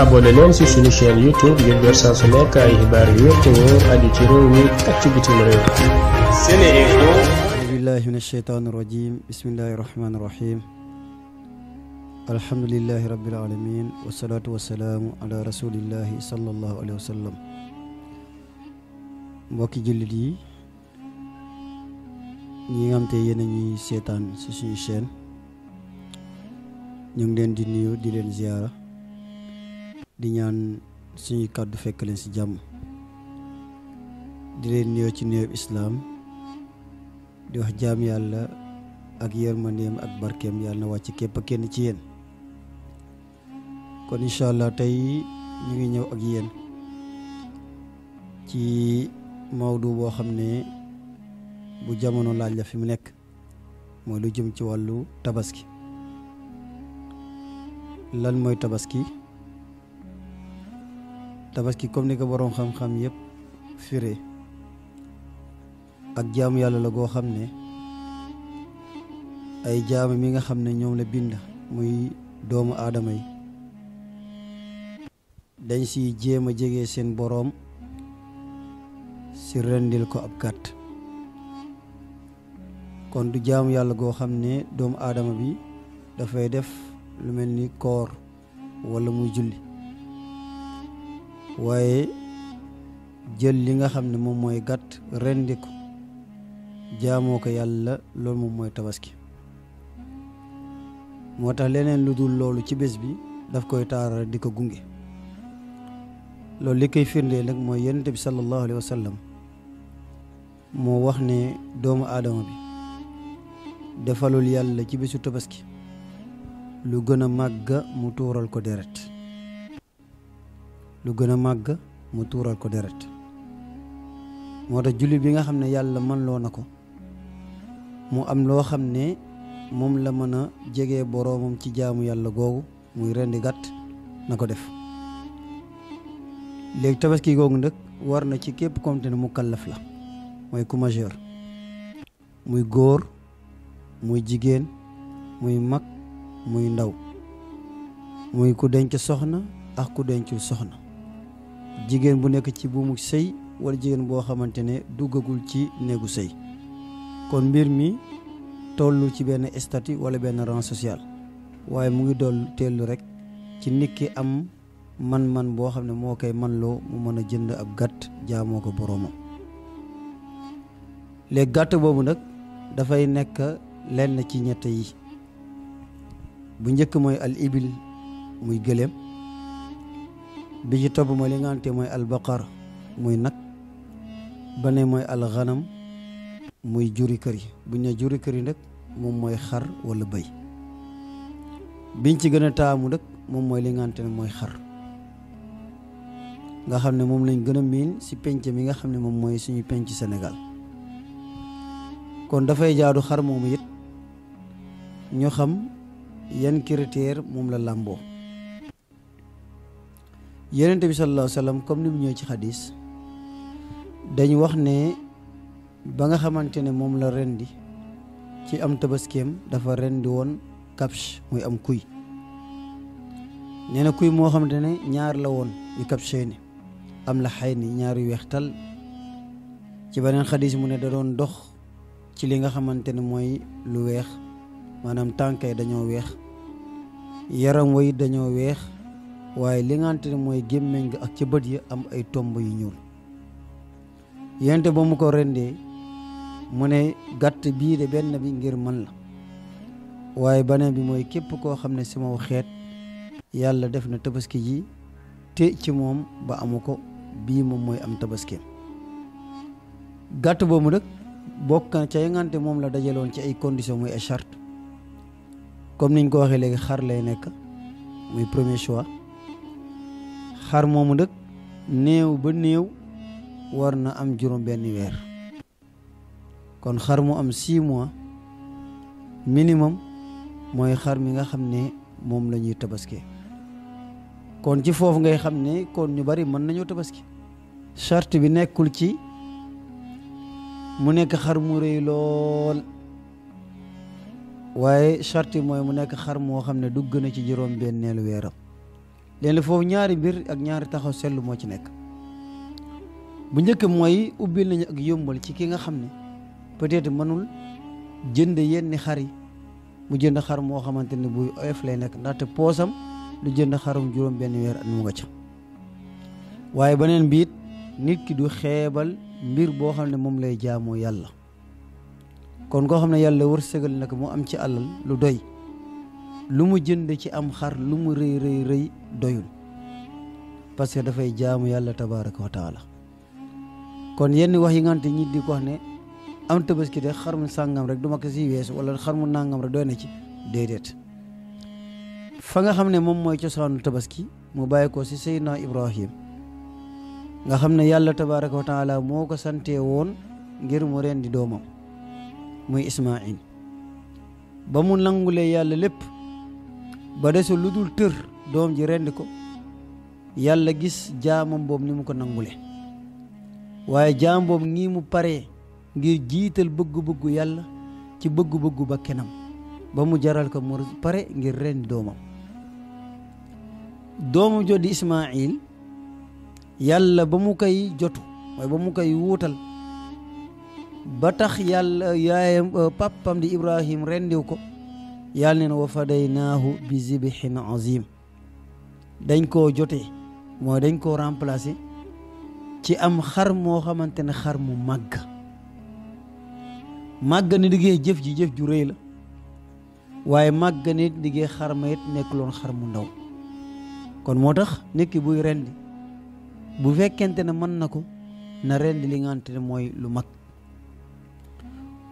abonné leen ci suñu chaîne YouTube ngir jot yu wér te wóor aju ci réew mi rajiim bismillahi rahmaani rahiim. alhamdulillahi rabbil aalamiin wasalaatu wasalaamu ala rasulillahi sallallahu seetaan ci ngi leen di nuyu di leen ziyaara. di ñaan suñuy kàddu fekk leen si jàmm di leen nuyoo ci nuyoob islaam di wax jaam yàlla ak yërmandeem ak barkeem yàlla na wàcc képp kenn ci yéen kon incha allah tey ñu ngi ñëw ak yéen ci mawdu boo xam ne bu jamono laaj la fi mu nekk mooy lu jëm ci wàllu tabaski lan mooy tabaski tabaski comme ni ko boroom xam-xam yëpp firé ak jaamu yàlla la goo xam ne ay jaamu mi nga xam ne ñoom la bind muy doomu aadama yi dañ si jéem a jege seen boroom si rendil ko ab gàtt kon du jaamu yàlla goo xam ne doomu aadama bi dafay def lu mel ni koor walla muy julli waaye jël li nga xam ne moom mooy gàtt rendi ko jaamoo ko yàlla loolu moom mooy tabaski moo tax leneen lu dul loolu ci bés bi daf koy taaral di ko gunge loolu li koy firndee nag mooy yonent bi sallallahu alayhi wa sallam moo wax ne doomu aadama bi defalul yàlla ci bésu tabaski lu gën a màgga mu tuural ko deret lu gën a màgg mu tuural ko deret moo tax jullit bi nga xam ne yàlla mën loo na ko mu am loo xam ne moom la mën a jege boroomum ci jaamu yàlla googu muy rendi gàtt na ko def léegi tabaski googu nag war na ci képp comme ne mu kallaf la mooy ku majeur muy góor muy jigéen muy mag muy ndaw muy ku denc soxna ak ku dencul soxna jigéen bu nekk ci buumu sëy wala jigéen boo xamante ne duggagul ci néegu sëy kon mbir mi tollu ci benn statut wala benn rang social waaye mu ngi doon teelu rek ci nit ki am man-man boo xam ne moo koy manloo mu mën a jënd ab gàtt jaamoo ko boroomam léegi gàtt boobu nag dafay nekk lenn ci ñett yi bu njëkk mooy al ibil muy gëléem bi ci topp mooy li nga mooy albaqar muy nag ba ne mooy alxanam muy juri kër yi bu ñu ne juri kër yi nag moom mooy xar walla bëy biñ ci gën a taamu nag moom mooy li nga mooy xar nga xam ne moom lañ gën a miin si penc mi nga xam ne moom mooy suñu penc senegal kon dafay jaadu xar moomu it ñu xam yan critère moom la làmboo yonent bi sallallahu alayhi wa sallam comme ñëw ci xadis dañ wax ne ba nga xamante ne moom la rendi ci am tabaskeem dafa rendi woon kapsh muy am kuy nee na kuy moo xamante ne ñaar la woon yu kapshee ni am la xay ni ñaari yu weextal ci beneen xadis mu ne da doon dox ci li nga xamante ne mooy lu weex maanaam tànkay dañoo weex yaram way dañoo weex waaye li nga mooy gémmeñ gi ak ci bët yi am ay tomb yu ñuul yente ba mu ko rendee mu ne gàtt bii de benn bi ngir man la waaye beneen bi mooy képp koo xam ne sama xeet yàlla def na tabaski ji te ci moom ba amu ko bii moom mooy am tabaskeem gàtt boobu nag bokk na ca yangante moom la dajaloon ci ay condition muy ay charte comme niñ ko waxee léegi xar lay nekk muy premier choix xar moomu nag néew ba néew war na am juróom benn weer kon xar mu am six mois minimum mooy xar mi nga xam ne moom lañuy ñuy tabaski kon ci foofu ngay xam ne kon ñu bari mën nañoo tabaski charte bi nekkul ci mu nekk xar mu rëy lool waaye charte mooy mu nekk xar moo xam ne dugg na ci juróom benneelu weeram léeg-léeg foofu ñaari mbir ak ñaari taxaw seetlu moo ci nekk bu njëkk mooy ubbil nañu ak yëmbal ci ki nga xam ne peut-être mënul jënd yenn xar mu jënd xar moo xamante ne buy oyof lay nekk ndaxte poosam lu jënd xarum juróom benn weer at mu nga ca waaye beneen bi it nit ki du xeebal mbir boo xam ne moom lay jaamoo yàlla kon koo xam ne yàlla wërsëgal na ko mu am ci alal lu doy lu mu jënd ci am xar lu mu rëy rëy rëy doyul parce que dafay jaamu yàlla tabaraka wa taala kon yenn wax yi nga xamante ñi di ko ne am tabaski de xar mu sàngam rek du ma ko si weesu wala xar mu nàngam rek doy na ci déedéet fa nga xam ne moom mooy cosaanu tabaski mu bàyyi ko si Seydina Ibrahim nga xam ne yàlla tabaraka wa taala moo ko sante woon ngir mu rendi doomam muy Ismaïl ba mu nangulee yàlla lépp ba desul lu dul tër doom ji rendi ko yàlla gis jaamamboom boobu ni mu ko nangule waaye jaam boobu ngi mu paree ngir jiital bëgg-bëggu yàlla ci bëgg-bëggu ba kenam ba mu jaral ko mu pare ngir rendi doomam doomam jot di Ismaayil yàlla ba mu koy jotu mooy ba mu koy wuutal ba tax yàlla yaayam pappam di Ibrahim rendiw ko yàlla neen wa bisi bi zibhin azim dañ koo jotee mooy dañ koo remplacer ci am xar moo xamante ne xar mu màgg màgg ne liggéey jëf ji jëf ju rëy la waaye màgg ne liggéey xar ma it nekk loon xar mu ndaw kon moo tax nit buy rendi bu fekkente ne mën na ko na rendi li ngante ne mooy lu mag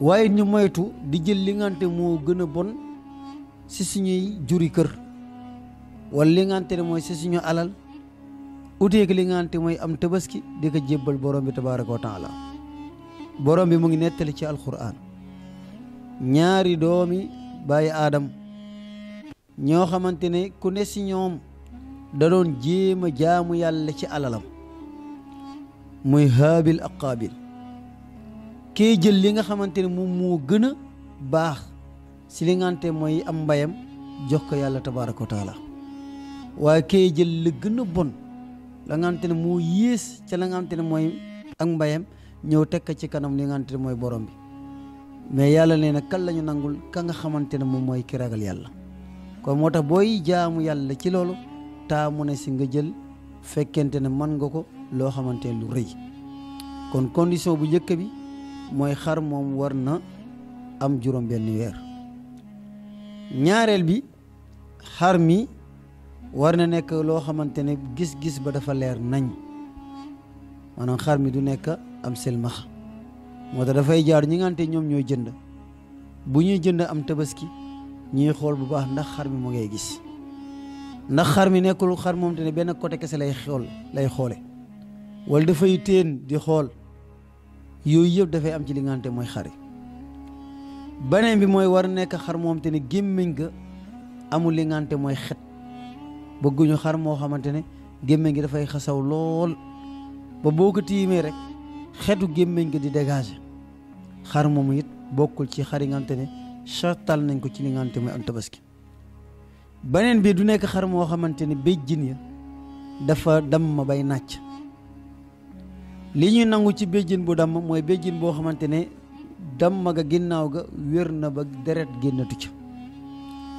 waaye ñu moytu di jël li moo gën a bon si suñuy juri kër wal li ne mooy si suñu alal uteeg li nga mooy am tabaski di ko jébbal borom bi tabaaraka wa taala borom bi mu ngi nettali ci alxuraan ñaari doomi bàyyi aadam ñoo xamante ne ku ne si ñoom da doon jéem a jaamu yàlla ci alalam muy haabil ak qaabil kee jël li nga xamante ne moom moo gën a baax si li ngante mooy am mbayam jox ko yàlla tabaaraka wa taala waaye kay jël la gën bon la ngante ne moo yées ca la ne mooy ak mbayam ñëw teg ko ci kanam li ngante ne mooy borom bi mais yàlla nee na kan lañu nangul ka nga xamante ne moom mooy ki ragal yàlla kon moo tax booy jaamu yàlla ci loolu taamu ne si nga jël fekkente ne mën nga ko loo xamante ne lu rëy kon condition bu njëkk bi mooy xar moom war na am juróom benn weer ñaareel bi xar mi war na nekk loo xamante ne gis-gis ba dafa leer nañ maanaam xar mi du nekk am selmax moo tax dafay jaar ñi ñoom ñooy jënd bu ñuy jënd am tabaski ñuy xool bu baax ndax xar mi mu ngay gis ndax xar mi nekkul xar moom te ne benn côté kese lay xool lay xoole wala dafay téen di xool yooyu yëpp dafay am ci li mooy xar yi beneen bi mooy war nekk xar moom te ne gémmiñ ga amul li ngante mooy xet bëgguñu xar moo xamante ne gémmiñ gi dafay xasaw lool ba boo ko tiimee rek xetu gémmiñ ga di dégager xar moom it bokkul ci xar yi ngante ne sartal nañ ko ci li ngante mooy am tabaski beneen bi du nekk xar moo xamante ne béjjin ya dafa damm bay nàcc li ñuy nangu ci béjjin bu damm mooy béjjin boo xamante ne damma ga ginnaaw ga wér na ba deret génnatu ca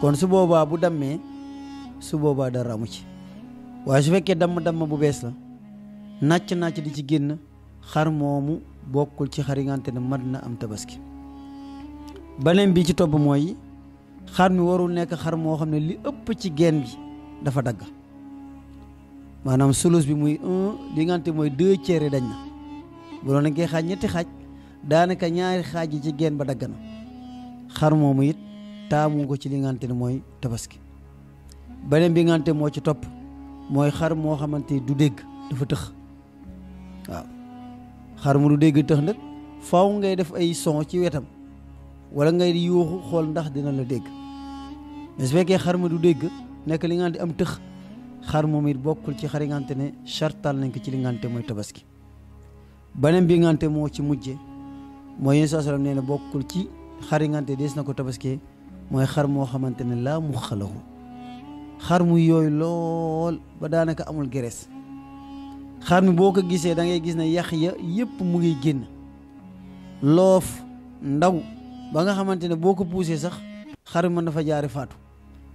kon su boobaa bu dammee su boobaa dara amu ci waaye su fekkee damm damm bu bees la nàcc nàcc di ci génn xar moomu bokkul ci xar yi nga xamante mat na am tabaski beneen bi ci topp mooy xar mi warul nekk xar moo xam ne li ëpp ci geen bi dafa dagg maanaam sulus bi muy un li nga xamante mooy deux tiers dañ na bu doon xaaj ñetti xaaj daanaka ñaari xaaj yi ci geen ba dagg na xar moomu it taamu ko ci li ngante ne mooy tabaski beneen bi ngante moo ci topp mooy xar moo xamante du dégg dafa tëx waaw xar mu du dégg tëx nag faaw ngay def ay son ci wetam walla ngay yuuxu xool ndax dina la dégg mais fekkee xar ma du dégg nekk li ngante am tëx xar moom it bokkul ci xari ngante ne chartal nañ ko ci li ngante mooy tabaski beneen bi ngante moo ci mujje mooy yéen saa salaam nee na bokkul ci xar yi na ko tabaskee mooy xar moo xamante ne laa mu xalawu xar mu yooyu lool ba daanaka amul gerees xar mi boo ko gisee da ngay gis ne yax yëpp mu ngi génn loof ndaw ba nga xamante ne boo ko puusee sax xar mën na fa jaari faatu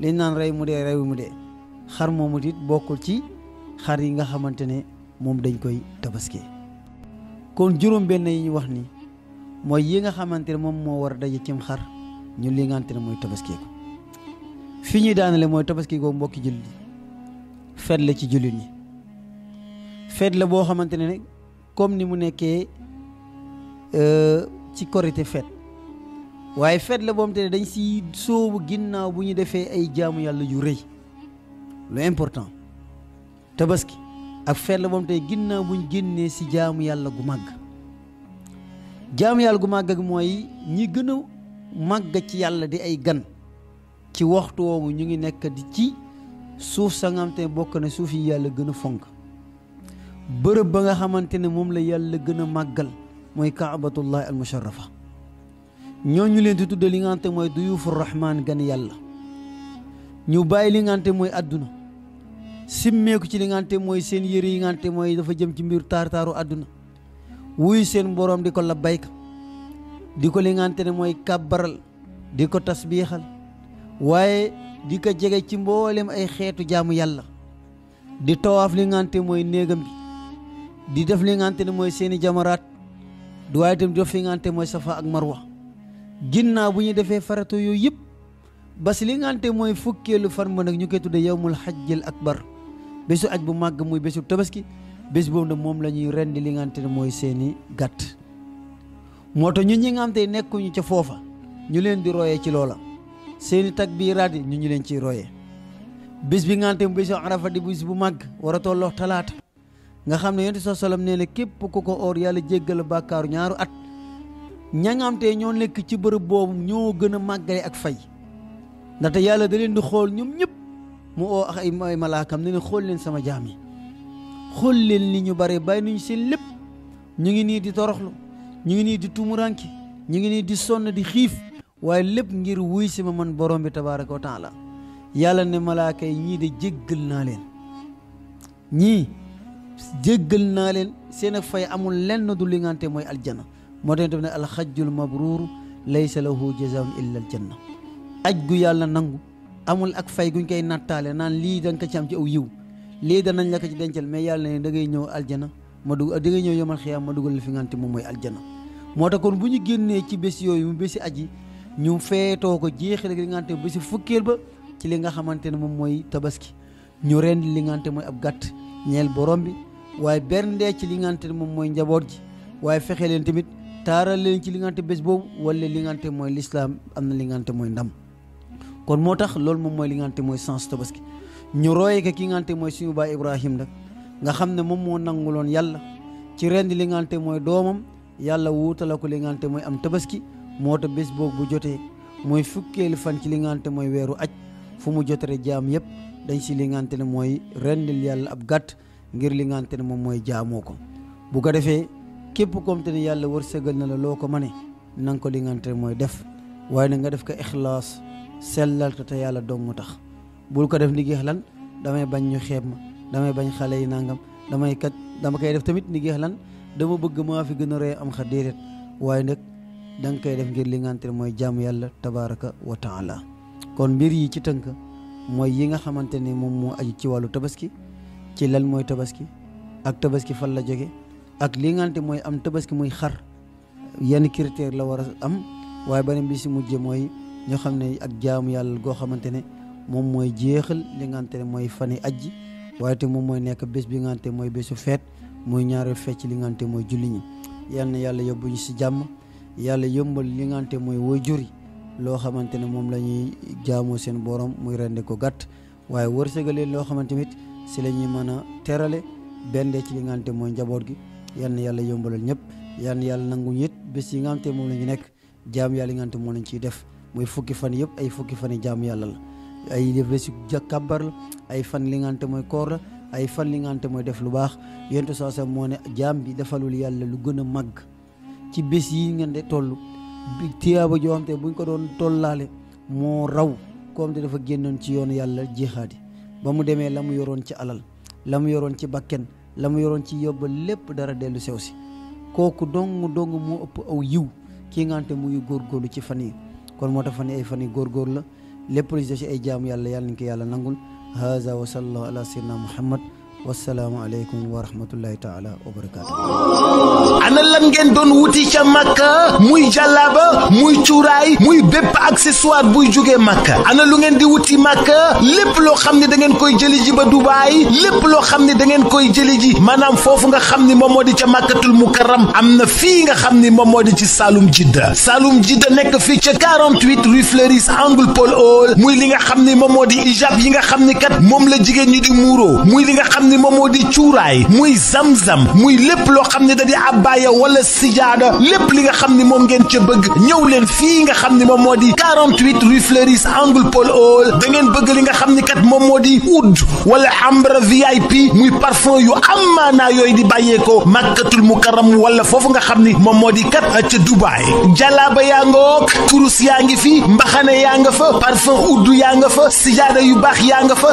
liñ naan rey mu dee rey mu dee xar moomu bokkul ci xar yi nga xamante ne moom dañ koy tabaskee kon juróom benn yi ñu wax nii mooy yi nga xamante ne moom moo war a daje cim xar ñu li nga xamante ne mooy tabaski ko fi ñuy daanale mooy tabaski ko mbokki jullit yi feet la ci jullit yi feet la boo xamante ne comme ni mu nekkee euh, ci korite feet waaye feet la boom te ne dañ si sóobu ginnaaw bu ñu defee ay jaamu yàlla yu rëy lu important tabaski ak feet la boom te ginnaaw buñ génnee si jaamu yàlla gu màgg jaamu yàlla gu màgg ak mooy ñi gën a màgg ci yàlla di ay gan ci waxtu woowu ñu ngi nekk di ci suuf sa nga xamante ne bokk na suuf yi yàlla gën a fonk bërëb ba nga xamante ne moom la yàlla gën a màggal mooy kaabatullahi al musharrafa ñoo ñu leen di tudde li nga mooy duyuufu rahmaan gan yàlla ñu bàyyi li nga mooy àdduna simmeeku ci li nga mooy seen yëre yi nga xamante mooy dafa jëm ci mbir taar taaru àdduna wuyu seen boroom di ko la bayka di ko li ngante ne mooy kàbbaral di ko tas biixal waaye di ko jege ci mboolem ay xeetu jaamu yàlla di tawaaf li ngante mooy néegam bi di def li ngante ne mooy seeni jamaraat du waaye itam di def li ngante mooy safa ak marwa ginnaaw bu ñu defee farata yooyu yëpp bas li ngante mooy fukkeelu fan ba nag ñu koy tudde yowmul xajjil akbar bésu aj bu màgg muy bésu tabaski bés boobu nag moom la ñuy rendi li ngante ne mooy seeni gàtt moo tax ñu ñi nga nekkuñu ca foofa ñu leen di royee ci loola seeni takbiiraat yi ñu ñu leen ciy royee bés bi nga xamante ne bésu arafa di bés bu màgg war a tolloo talaata nga xam ne yonent bi sallam nee na képp ku ko oor yàlla jéggal bàkkaaru ñaaru at ña ñoo nekk ci bërëb boobu ñoo gën a màggale ak fay ndaxte yàlla da leen di xool ñoom ñëpp mu oo ak ay malaakam ne ne xool leen sama jaam yi xool leen li ñu bare bàyyi nañu seen lépp ñu ngi nii di toroxlu ñu ngi nii di tumuranke ñu ngi nii di sonn di xiif waaye lépp ngir wuy si ma man borom bi tabaaraka wa taala yàlla ne malaaka yi ñii de jéggal naa leen ñii jéggal naa leen seen ak fay amul lenn du li mooy aljana moo tax tamit ne alxajjul mabruur laysa lahu jazaun illa aljanna aj gu yàlla nangu amul ak fay guñ koy nattaale naan lii danga ko ci am ci aw yiw lii danañ la ko ci dencal mais yàlla ne da ngay ñëw aljana ma dugg da ngay ñëw yomal xiyaam ma dugal la fi ngante moom mooy aljana moo tax kon bu ñu génnee ci bés yooyu mu bési aji ñu feetoo ko jeexale li ngante bési fukkeel ba ci li nga xamante ne moom mooy tabaski ñu rend li ngante mooy ab gàtt ñeel borom bi waaye berndee ci li ngante ne moom mooy njaboot ji waaye fexe leen tamit taaral leen ci li ngante bés boobu wala li ngante mooy lislaam am na li ngante mooy ndam kon moo tax loolu moom mooy li ngante mooy sens tabaski ñu roye ko ki nga xamante mooy suñu baay Ibrahima nag nga xam ne moom moo nangu loon yàlla ci rend li mooy doomam yàlla wuutala ko li mooy am tabaski moo tax bés boobu bu jotee mooy fukkeelu fan ci li mooy weeru aj fu mu jotare jaam yëpp dañ si li nga ne mooy rendil yàlla ab gàtt ngir li nga ne moom mooy jaamoo ko bu ko defee képp koom te ne yàlla wërsëgal na la loo ko mane na nga ko li ne mooy def waaye nag nga def ko ixlaas sellal ko yàlla dong mu tax bul ko def ni geex lan damay bañ ñu xeeb ma damay bañ xale yi nangam damay kat dama koy def tamit ni geex lan dama bëgg maa fi gën a rëy am xa déedéet waaye nag danga koy def ngir li mooy jaamu yàlla tabaraka wa taala kon mbir yi ci tënk mooy yi nga xamante ne moom moo aju ci wàllu tabaski ci lan mooy tabaski ak tabaski fan la jóge ak li mooy am tabaski muy xar yenn critère la war a am waaye beneen bi si mujje mooy ñoo xam ne ak jaamu yàlla goo xamante ne moom mooy jeexal li mooy fan yi mooy fani ajji waaye te moom mooy nekk bés bi nga mooy bésu feet mooy ñaareel fecc li mooy julli ñi yal yàlla yóbbu ñu si jàmm yàlla yëmbal li nga xamante ne mooy yi loo xamante ne moom la ñuy jaamoo seen borom muy rende ko gàtt waaye wërsëgaleen loo xamante tamit si la ñuy mën a terale bende ci li nga mooy njaboot gi yal yàlla yombalal ñëpp yal yàlla nangu ñit bés yi nga moom la ñu nekk jaam yàlla yi nga xamante moom lañ ciy def muy fukki fan yëpp ay fukki fan yi jaam yàlla la ay def bési jàkkabar la ay fan li ngante mooy koor la ay fan li ngante mooy def lu baax yentu saa sa moo ne jaam bi defalul yàlla lu gën a màgg ci bés yi ngeen de toll tiyaaba joo xam te buñ ko doon tollaale moo raw comme te dafa génnoon ci yoon yàlla jeexaadi ba mu demee la mu yoroon ci alal la mu yoroon ci bakken la mu yoroon ci yóbba lépp dara dellu sew si kooku dong dong mu ëpp aw yiw kii ngante muy góorgóorlu ci fan yi kon moo tax fan yi ay fan la lépp lu ci ay jaam yàlla yàlla nañ ko yàlla nangul haza wa sallallahu ala sayyidina muhammad wasalaamualeykum wa rahmatullahi taala wa barakaatu. ana lan ngeen doon wuti ca makka muy ba muy cuuraay muy bépp accessoire buy jógee makka ana lu ngeen di wuti makka lépp loo xam ni da ngeen koy jëli ji ba dubaay lépp loo xam ni da ngeen koy jëli ji maanaam foofu nga xam ni moom moo di ca màkkatul mukarram am na fii nga xam ni moom moo di ci Saloum jidda Saloum jidda nekk fii ca 48 rue Fleuris angle Paul Hall muy li nga xam ni moom moo di ijab yi nga xam ni kat moom la jigéen ñi di muuro muy li xam ne moom moo di cuuraay muy zam-zam muy lépp loo xam ne da di abbaaya wala sijaada lépp li nga xam ni moom ngeen ca bëgg ñëw leen fii nga xam ni moom moo di 48 rue Fleuris angle Paul Hall da ngeen bëgg li nga xam ni kat moom moo di oud wala ambre VIP muy parfum yu amaanaa yooyu di bàyyeekoo màkkatul mukaram wala foofu nga xam ni moom moo di kat ca Dubaay jalaaba yaa nga wook kurus yaa ngi fi mbaxane yaa nga fa parfum oud yaa nga fa sijaada yu baax yaa nga fa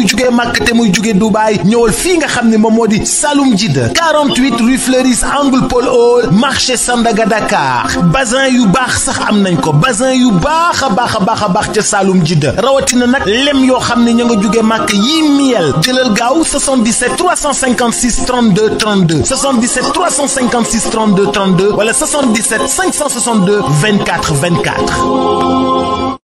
muy jugee Màkk te muy jugee Dubaay ñëwal fii nga xam ne moom moo di Saloum ji 48 rue Fleuris angle Paul Hall marché Sandaga Dakar bazin yu baax sax am nañ ko basin yu baax a baax a baax a baax ca Saloum Jidda rawatina nag lem yoo xam ne ña nga jugee Màkk yii miel jëlal gaaw 77 356 32 32 77 356 32 32 wala 77 562 24 24.